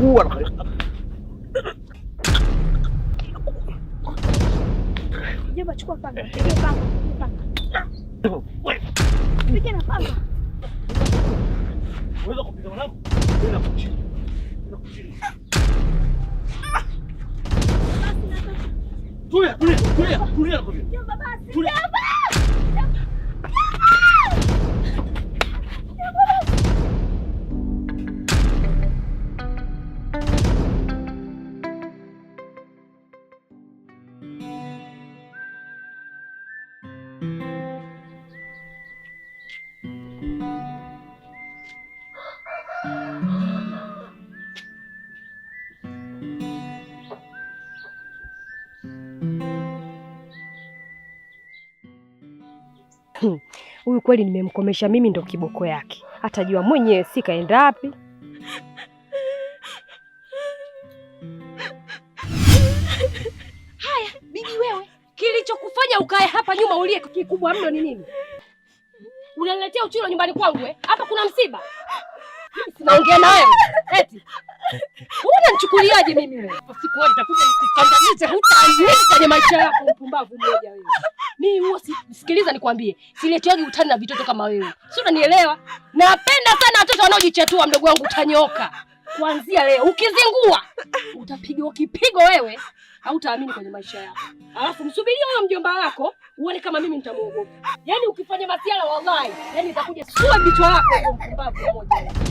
kuwa Tulia, tulia, tulia, tulia nakwambia. Tulia. Huyu kweli nimemkomesha mimi, ndo kiboko yake, atajua mwenyewe, si kaenda wapi. Haya bibi, wewe kilichokufanya ukae hapa nyuma ulie kikubwa mno ni nini? Unaniletea uchulo nyumbani kwangu eh? Hapa kuna msiba? naongea na wewe eti unanichukuliaje mimi wewe? Sikuwa nitakuja nikukandamize, hutaanza kwenye maisha yako, mpumbavu mmoja wewe. Mimi huwa sikiliza nikwambie, siletiagi utani na vitoto kama wewe, si unanielewa? Napenda sana watoto wanaojichatua. Mdogo wangu utanyoka kuanzia leo, ukizingua utapigwa kipigo wewe, hautaamini kwenye maisha yako. Alafu msubiria huyo mjomba wako uone kama mimi nitamuogopa. Yaani ukifanya masiala, wallahi, yaani itakuja sua kichwa lako, mpumbavu mmoja.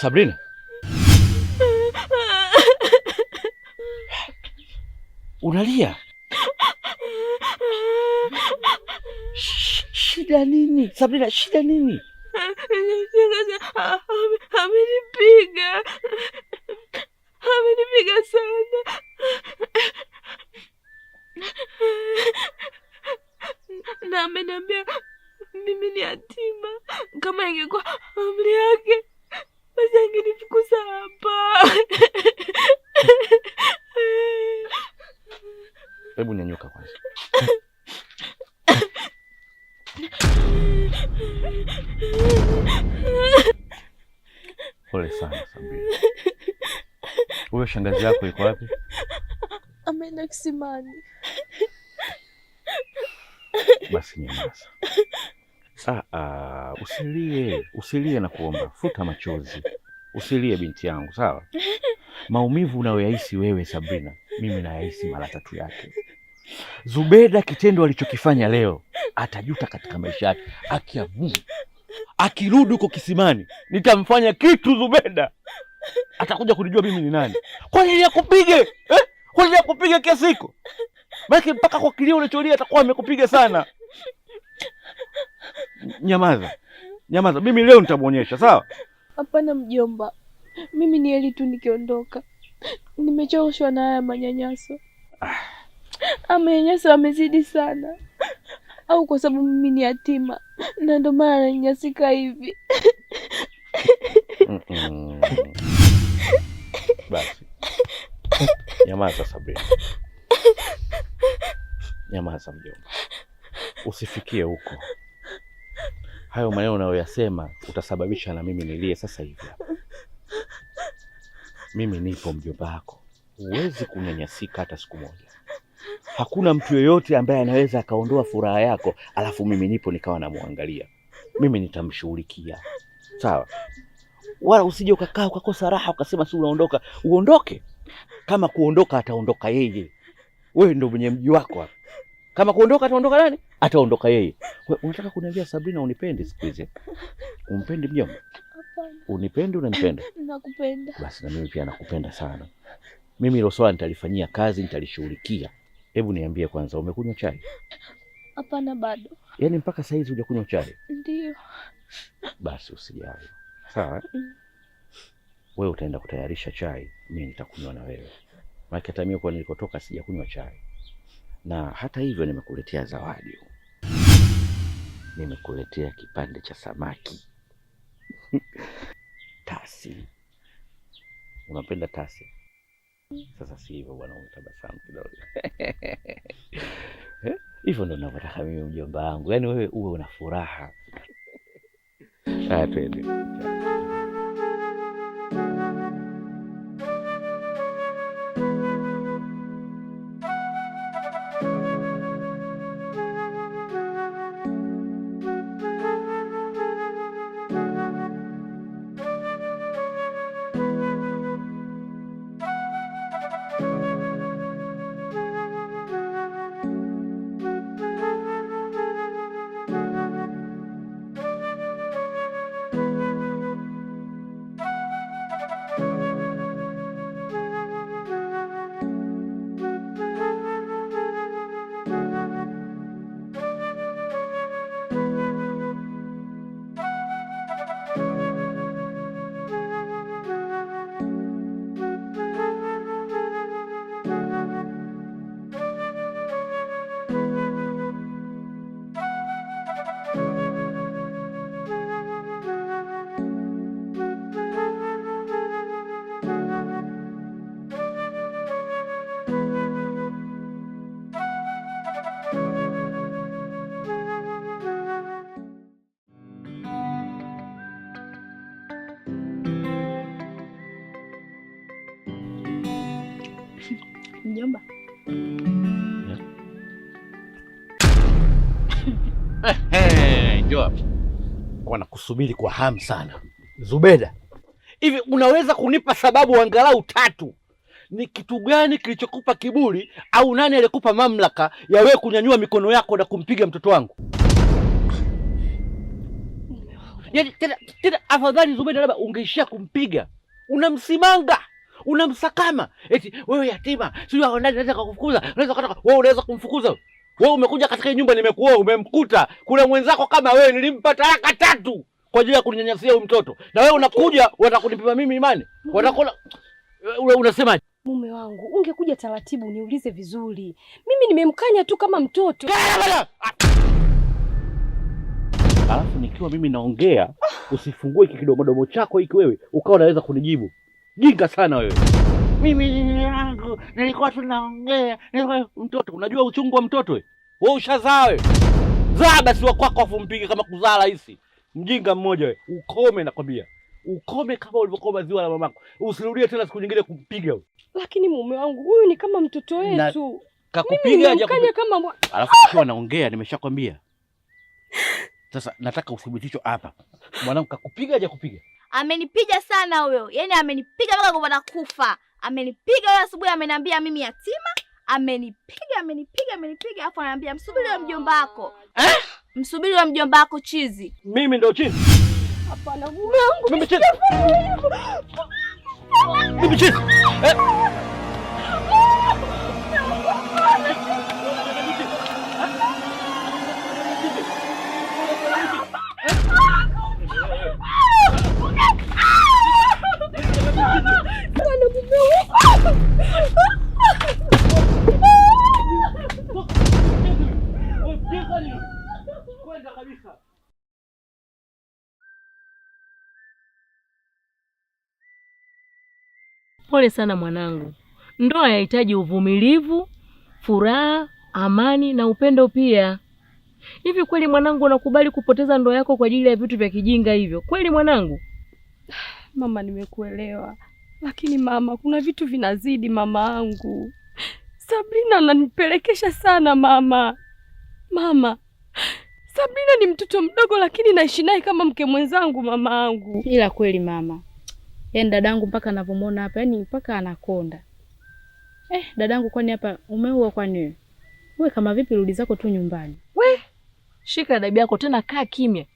Sabrina. Unalia. Shida nini? Sabrina, shida nini? amenipiga, amenipiga sana. na ameniambia mimi ni yatima. Kama ingekuwa amri yake, basi angenifukuza hapa. Hebu nyanyuka kwanza. Pole sana Huyo shangazi yako iko wapi? Ameenda kisimani. Basi nyamaza. Ah, ah, usilie, usilie na kuomba. Futa machozi. Usilie binti yangu, sawa? Maumivu unayoyahisi wewe Sabrina, mimi nayahisi mara tatu yake. Zubeda, kitendo alichokifanya leo atajuta katika maisha yake. akiamua akirudi huko kisimani nitamfanya kitu Zubeda atakuja kunijua mimi ni nani. Kwa nini akupige eh? Kwa nini akupige kiasi hiko? Maana mpaka kwa kilio unacholia atakuwa amekupiga sana. Nyamaza, nyamaza, mimi leo nitamwonyesha, sawa? Hapana mjomba, mimi ni heli tu nikiondoka, nimechoshwa na haya manyanyaso. Ah, amenyanyaso amezidi sana au kwa sababu mimi ni yatima na ndio maana ananyanyasika hivi? Basi nyamaza Sabrina, nyamaza mjomba, usifikie huko. Hayo maneno unayoyasema utasababisha na mimi nilie sasa hivi. Mimi nipo mjomba wako, huwezi kunyanyasika hata siku moja. Hakuna mtu yoyote ambaye anaweza akaondoa furaha yako, alafu mimi nipo nikawa namwangalia. Mimi nitamshughulikia, sawa? Wala usije ukakaa ukakosa raha ukasema si unaondoka. Uondoke kama kuondoka, ataondoka yeye. Wewe ndio mwenye mji wako hapa. Kama kuondoka, ataondoka nani? Ataondoka yeye. Unataka kuniambia Sabrina unipende siku hizi? Umpendi mjomba? Unipendi? Unanipenda? Nakupenda. Basi na mimi pia nakupenda sana. Mimi hilo swala nitalifanyia kazi, nitalishughulikia. Hebu niambie kwanza, umekunywa chai? Hapana, bado. Yaani mpaka saa hizi hujakunywa chai? Ndio. Basi usijali, sawa? Mm. Wewe utaenda kutayarisha chai, mimi nitakunywa na wewe, maana hata mimi kwa nilikotoka sijakunywa chai, na hata hivyo nimekuletea zawadi, nimekuletea kipande cha samaki tasi. Unapenda tasi? Sasa si hivyo bwana, umetabasamu kidogo eh, hivyo ndo navyotaka mimi mjomba wangu, yaani wewe uwe una furaha. Haya, twende. Njoo wanakusubiri kwa hamu sana. Zubeda, hivi unaweza kunipa sababu angalau tatu? Ni kitu gani kilichokupa kiburi, au nani alikupa mamlaka ya wewe kunyanyua mikono yako na kumpiga mtoto wangu? Yaani tena tena, afadhali Zubeda, labda ungeishia kumpiga, unamsimanga unamsakama, eti wewe yatima, sijui unaweza kukufukuza, unaweza wewe, unaweza kumfukuza wewe umekuja katika nyumba nimekuoa, umemkuta kuna mwenzako kama wewe, nilimpa talaka tatu kwa ajili ya kuninyanyasia huyu mtoto, na wewe unakuja unataka mimi imani? Watakula unasema Mume wangu, ungekuja taratibu, niulize vizuri. Mimi nimemkanya tu kama mtoto, ah! alafu nikiwa mimi naongea ah! usifungue iki kidomodomo chako iki, wewe ukawa unaweza kunijibu. Jinga sana wewe mimi mtoto, nilikuwa tunaongea, nilikuwa mtoto. Unajua uchungu wa mtoto wewe, ushazaa wewe, zaa basi wa kwako, afu mpige kama kuzaa rahisi. Mjinga mmoja wewe, ukome nakwambia, ukome kama ulivyokuwa maziwa la mamako, usirudie tena siku nyingine kumpiga wewe. Lakini mume wangu huyu ni kama mtoto wetu, kakupiga hajakanya kama, alafu kwa naongea, nimeshakwambia. Sasa nataka uthibitisho hapa, mwanangu kakupiga hajakupiga? Amenipiga sana huyo, yaani amenipiga mpaka kwa kufa amenipiga leo asubuhi, ameniambia mimi yatima, amenipiga amenipiga amenipiga, afu ananiambia msubiri wa mjomba wako eh? msubiri wa mjomba wako chizi. Mimi ndo chizi? Hapana mume wangu mimi chizi, mimi chizi eh? Pole sana mwanangu, ndoa yahitaji uvumilivu, furaha, amani na upendo pia. Hivi kweli mwanangu, unakubali kupoteza ndoa yako kwa ajili ya vitu vya kijinga hivyo? Kweli mwanangu? Mama, nimekuelewa. Lakini mama, kuna vitu vinazidi mama angu. Sabrina ananipelekesha sana mama. Mama, Sabrina ni mtoto mdogo, lakini naishi naye kama mke mwenzangu mama angu. Ila kweli mama, yaani dadangu mpaka anavyomwona hapa, yaani mpaka anakonda. Eh, dadangu, kwani hapa umeua? Kwani wewe Wewe kama vipi? Rudi zako tu nyumbani. We shika adabu yako tena, kaa kimya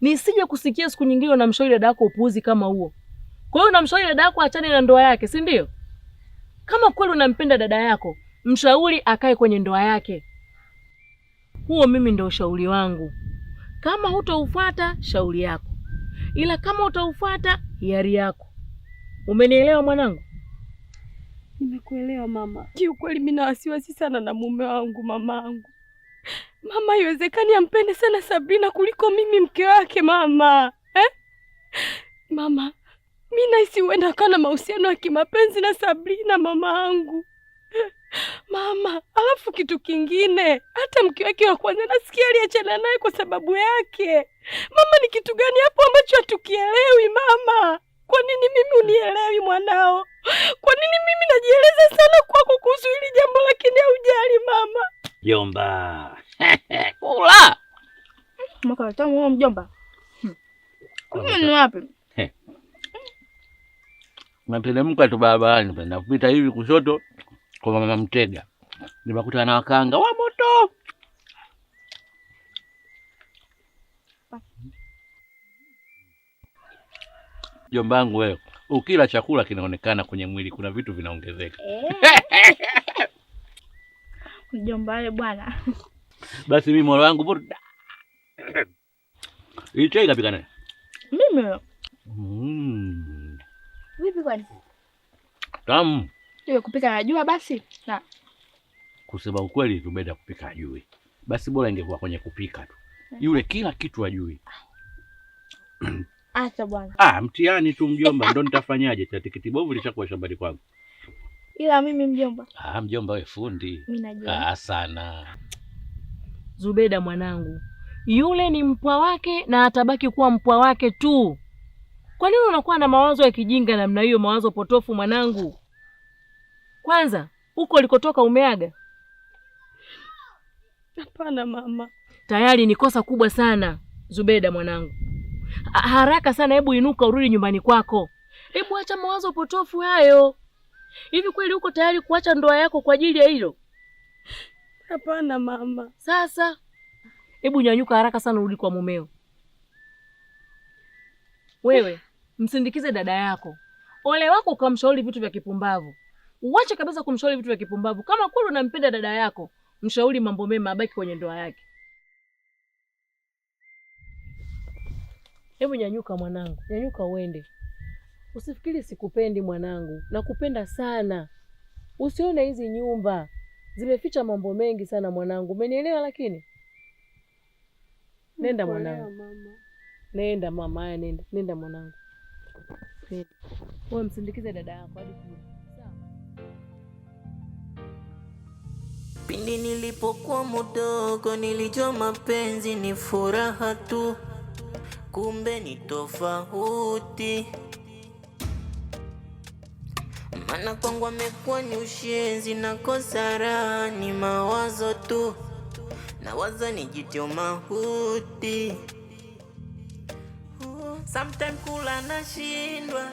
nisije kusikia siku nyingine unamshauri dada yako upuuzi kama huo. Kwa hiyo unamshauri dada yako achane na ndoa yake, si ndio? Kama kweli unampenda dada yako, mshauri akae kwenye ndoa yake. Huo mimi ndio ushauri wangu. Kama hutoufuata shauri yako, ila kama utaufuata hiari yako. Umenielewa mwanangu? Nimekuelewa mama. Kiukweli mimi na wasiwasi sana na mume wangu mamangu. Mama, iwezekani ampende sana Sabrina kuliko mimi mke wake mama, eh? Mama, mi nahisi huenda akawa na mahusiano ya kimapenzi na Sabrina mama angu mama. Alafu kitu kingine, hata mke wake wa kwanza nasikia aliachana naye kwa sababu yake. Mama, ni kitu gani hapo ambacho hatukielewi mama? Kwa nini mimi unielewi mwanao? Kwa nini mimi najieleza sana kwako kuhusu hili jambo lakini haujali mama? Jomba kula mwaka watamu mjomba, hmm. wapi eh nateremka tu barabarani napita hivi kushoto kwa mama Mtega, nimakuta na wakanga wa moto jombangu wewe, ukila chakula kinaonekana kwenye mwili, kuna vitu vinaongezeka eh. mjombawe bwana. Basi mimi moyo wangu burda icho ikapika naye mimi mm kwani? Tamu. Yeye kupika najua basi na kusema ukweli Zubeda kupika ajui, basi bora ingekuwa kwenye kupika tu, yule kila kitu ajui. Acha bwana. Ah, mtihani tu mjomba, ndo nitafanyaje? cha tikiti bovu lishakuwa shambani kwangu. Ila mimi mjomba. Ah, mjomba wewe fundi. Mimi najua. Ah, sana. Zubeda mwanangu, yule ni mpwa wake na atabaki kuwa mpwa wake tu. Kwa nini unakuwa na mawazo ya kijinga namna hiyo, mawazo potofu mwanangu? Kwanza huko ulikotoka umeaga? Hapana mama. Tayari ni kosa kubwa sana Zubeda mwanangu, haraka sana, hebu inuka urudi nyumbani kwako. Hebu acha mawazo potofu hayo. Hivi kweli uko tayari kuacha ndoa yako kwa ajili ya hilo? Hapana mama. Sasa hebu nyanyuka haraka sana, urudi kwa mumeo. Wewe msindikize dada yako, ole wako ukamshauri vitu vya kipumbavu. Uwache kabisa kumshauri vitu vya kipumbavu. Kama kweli unampenda dada yako, mshauri mambo mema, abaki kwenye ndoa yake. Hebu nyanyuka mwanangu, nyanyuka uende. Usifikiri sikupendi mwanangu, nakupenda sana. Usione hizi nyumba zimeficha mambo mengi sana mwanangu, umenielewa? Lakini nenda mwanangu. Nenda mama, haya nenda, nenda mwanangu, wewe msindikize dada yako hadi kule. Pindi nilipokuwa mdogo nilijua mapenzi ni furaha tu, kumbe ni tofauti. Maana kwangu amekuwa ni ushenzi na kosara ni mawazo tu, nawaza nijitie mahuti Sometimes kula nashindwa,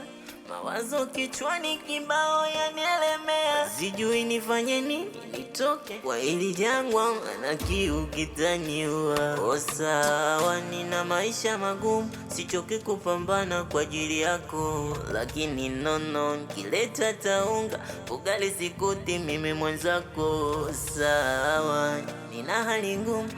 mawazo kichwani kibao yanielemea, sijui nifanye nini nitoke kwa hili jangwa, na kiu kitaniua. Osawa, nina maisha magumu, sichoke kupambana kwa ajili yako, lakini nono, nkileta taunga ugali sikuti mimi mwenzako. Sawa, nina hali ngumu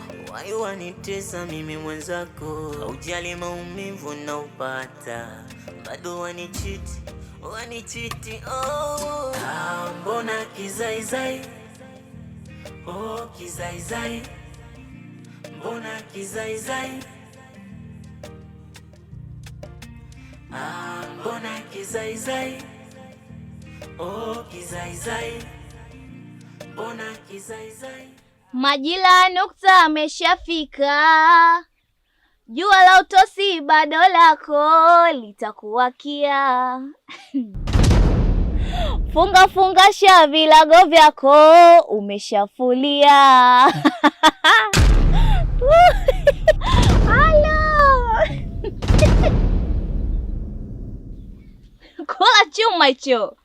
you wanitesa mimi mwenzako, haujali maumivu na upata, bado wanichiti wanichiti. Oh, ah, mbona kizaizai oh, kizaizai mbona kizaizai ah, mbona kizaizai oh, kizaizai mbona kizaizai Majira ya nukta ameshafika, jua la utosi bado lako litakuwakia. Funga funga sha vilago vyako umeshafulia. Halo. Kula chuma hicho.